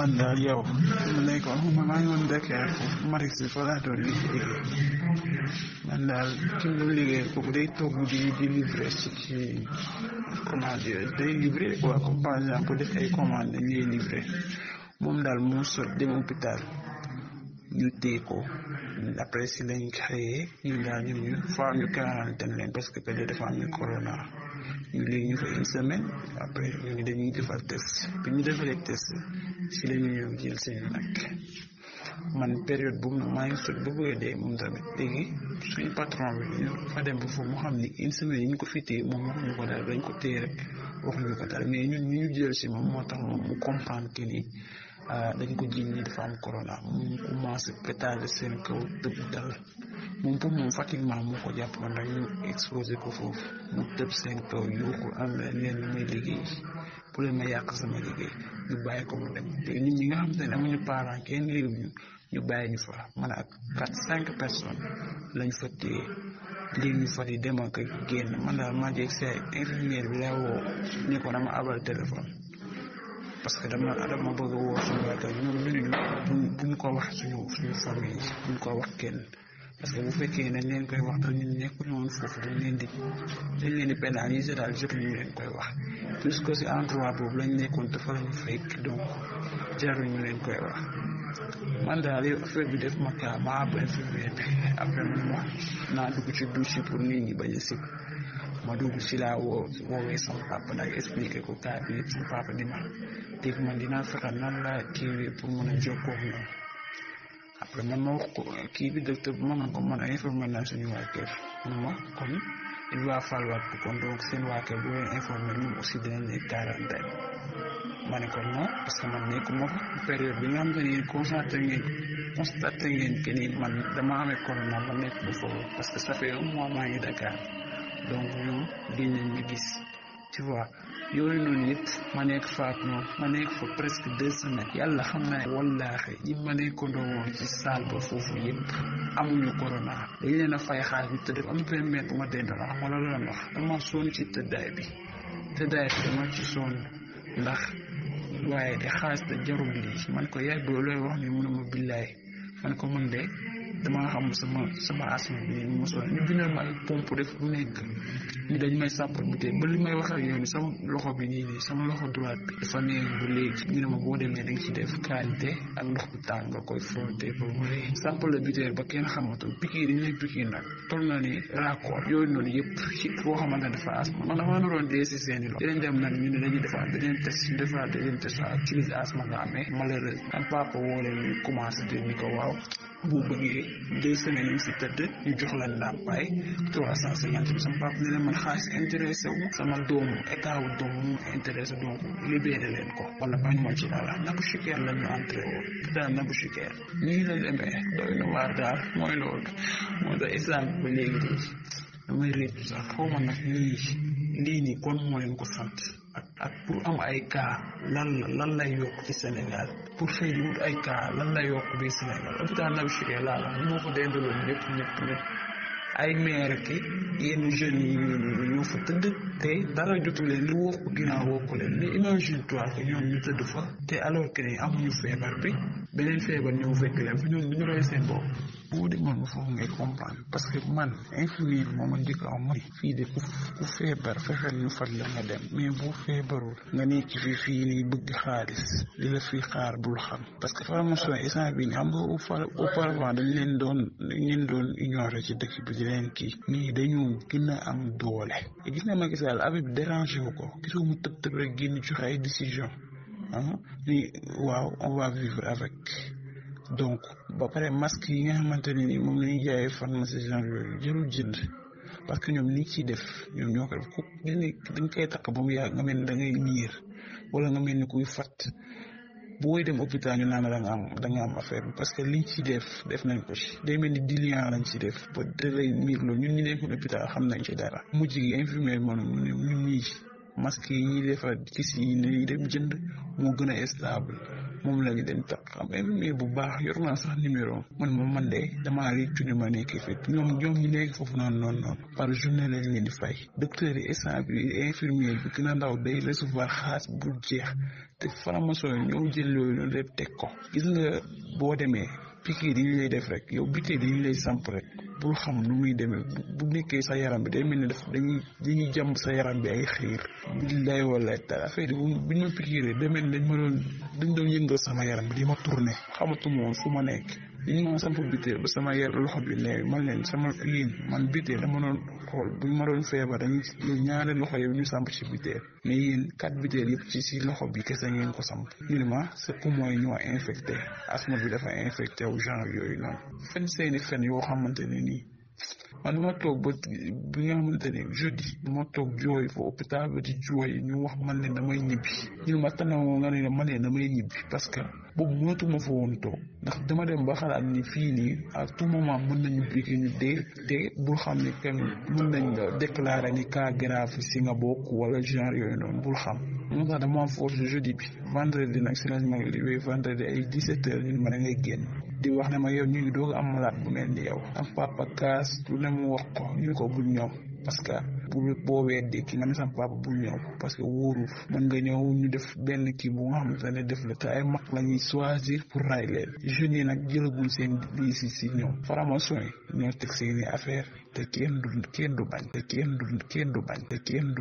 man daal yow mu nekkoon ma maa ngi woon Dakar Marix fa laa doon liggéey man daal ci mu liggéey kooku day togg di di livré ci comment dire day livré quoi comme par exemple ku def ay commande dañ lay livré moom daal mu sot dem hôpital ñu téye ko après si lañ xëyee ñu daal ñu ñu ñu quarantaine leen parce que dafa am corona ñu léegi ñu fa une semaine après ñu ngi dañuy defar test bi ñu defaree test si la ñu ñëw jël seen nag man période boobu nag maa ngi sot ba bëgg dee moom tamit léegi suñu patron bi ñu fa dem ba foofu mu xam ni une semaine yi ñu ko fi téye moom waxuñu ko daal dañ ko téye rek waxuñu ko daal mais ñu ñu jël si moom moo tax moom mu comprendre que ni Ah, dañ ko jiñ nii dafa am corona mu commencé pétale seen kaw tëb dal moom pour moom fatiguement moo ko jàppoon rek ñu exposé ko foofu mu tëb seen kaw yuuxu am leen lu may liggéey bu leen ma yàq sama liggéey ñu bàyyi ko nit ñi nga xam te ne ñu bàyyi ñu fa man ak quatre cinq personnes lañ fa téye léegi ñu fa di dem ak génn man daal maa jeeg see infirmière bi laa woo ne ko dama abal téléphone parce que dama dama bëgg woo suñu waa kër ñoom ñu ñu ko wax suñu suñu famille buñ ko wax kenn parce que bu fekkee nañ leen koy wax dañ ñun leen di dañ leen di pénaliser daal jot ñu leen koy wax puisque si endroit boobu lañ te dafa lañu fekk donc jaruñu leen koy wax man daal yow affaire bi def ma kaa ma après affaire bi après man naa dugg ci douche pour nit ñi bañ a si ma dugg si laa woo woowee sama papa nag expliqué ko cas sama papa di ma dégg man dinaa fexe nan laa kiiwee pour mën a jokkoo ak ñoom après man ma wax ko kii bi docteur bi ma ne ko ma kon il va falloir que kon donc seen waa kër boo leen ne quarantaine ma parce que man nekkuma fa période bi nga xam te ne ngeen constaté man dama amee corona ma nekk ba foofu parce que ça fait un mois maa donc ñoom lii lañ gis tu vois yooyu noonu it ma nekk faat noonu ma nekk fa presque deux semaines yàlla xam na ne wallaahi ñi ma nekkandoo woon ci saal ba foofu yëpp amuñu corona dañ leen a fay xaalis bi ma dee dara xam tëddaay bi tëddaay bi dama ci sonn ndax waaye de xaalis da jarul lii man ko yaay boo looy wax ni mënuma billaay man ko mën de damaa xam sama sama asthme bi mosoon ñu bindal ma ay pompe def lu nekk ni dañ may sàppal bi tey ba li may wax ak yow sama loxo bi nii nii sama loxo droite bi dafa nee ma boo demee da nga ci def ak ndox bu tàng nga koy frotter ba mu rëy sàppal la biteel ba kenn xamatul piqûre yi ñuy piqûre nag toll na ni raccord yooyu noonu yëpp ci koo xamante dafa asthme man damaa naroon dee si seen i loxo dinañ dem nag ñu ne dañuy defaat beneen test ñu de beneen test ak crise asthme nga amee malheureusement papa woo leen commencé te ko waaw boo bëggee deux semaines si tëdd ñu jox la ndàmpaay trois cent cinquante bi sama papa ne leen man xaalis doomu état doomu mu intéressé donc libéré leen ko wala bañ ci dara nabu sukeer la ñu entré woon daal nabu sukeer nii la demee doy na waar daal mooy loolu moo tax islam ba léegi damay réccu sax xaw ma nag lii lii nii kon moo leen ko sant ak ak pour am ay kaa lan la lay yokk ci Sénégal pour fay wut ay cas lan lay yokk biir Sénégal hôpital Naby Chérif laa la ñu moo fa dendaloon ñëpp ñëpp ñëpp ay maire ki yenn jeunes yi ñoo fa tëdd te dara jotu leen lu wokk ginnaaw wokk leen mais imagine toi ñoom ñu tëdd fa te alors que ne amuñu feebar bi beneen feebar ñëw fekk leen fa ñoom du ñu rey seen bopp boo demoon ba foofu ngay comprendre parce que man infirmier bi mooma njëkk am mooy fii de ku feebar fexeel ñu faj la nga dem mais boo feebarul nga nekk fii fii nii bëgg xaalis li la fi xaar bul xam parce que formation essence bi ni xam nga auparavant dañ doon dañ leen doon ignorer ci dëkk kii nii dañu gën am doole gis nga Macky Sall affaire bi dérangé wu ko gisoo mu tëb tëb rek génn joxe ay décision ah waaw on va vivre avec donc ba pare masque yi nga xamante ne ni moom la ñuy jaayee pharmacie genre yooyu jërul jënd parce que ñoom liñ ciy def ñoom ñoo ko def ku dañ koy takk ba mu yàgg nga mel ni da ngay niir wala nga mel ni kuy fàtt booy dem hôpital ñu naan da nga am da nga am affaire parce que liñ ciy def def nañ ko ci day mel ni diluant lañ ci def ba dalay niir loolu ñun ñu nekkoon hôpital xam nañ ci dara mujj gi infirmière moom ñun ñii masque yi ñuy defar ci si yi dem jënd moo gën a stable moom la dem tax xam bu baax yor naa sax numéro man ma man de damaa rëccu ni ma nekk fii ñoom ñoom ñu nekk foofu noonu noonu noonu par journée lañ leen di fay docteur yi instant bi infirmier bi gën a ndaw day recevoir xaas bu jeex te franc-maçon yi ñoo jël loolu noonu lépp teg ko gis nga boo demee piqûre yi lay def rek yow butéel yi lay samp rek bul xam nu muy demee bu nekkee sa yaram bi day mel ni daf dañuy dañuy jàmb sa yaram bi ay xiir billaay wala tal affaire bi bu ñu ma piqûre demee dañ dañ doon yëngal sama yaram bi di ma tourné xamatu woon fu ma nekk ñu ngi ma samp biteel ba sama yer loxo bi ne man leen sama liin man biteel dama doon xool buñ ma doon feebar dañu ñaari loxo yi ñu samp ci biteel ne yéen quatre biteel yëpp ci si loxo bi kese ngeen ko samp ñu ne ma sa poumon yi ñoo infecté asthme bi dafa infecté wu genre yooyu noonu fen seeni fen yoo xamante ne nii man dama toog ba bi nga xamante ne jeudi dama toog jooy fa hôpital ba di jooy ñu wax man ne damay ñibbi ñu ma tànnoo nga ne ma ne damay ñibbi parce que boobu mënatuma fa woon toog ndax dama dem ba xalaat ni fii nii à tout moment mën nañu piqué ñu dee te bul xam ne kenn mën nañ la déclarer ni cas grave si nga bokk wala genre yooyu noonu bul xam. moo tax dama am force jeudi bi vendredi nag si lañ ma libéré vendredi ay 17 heures ñun ma da ngay génn di wax ne ma yow ñu ngi doog am malaat bu mel ni yow am kaas lu ne mu wax ko ñu ko bul ñëw parce que bu boo weddee ki nga ne sama bul ñëw parce que wóorul mën nga ñëw ñu def benn kii bu nga xamante ne def la te ay mag la ñuy choisir pour ray leen jeunes yi nag jëlagul seen lii si si ñoom formation yi ñoo teg seeni affaire te kenn du kenn du bañ te kenn du kenn du bañ te kenn du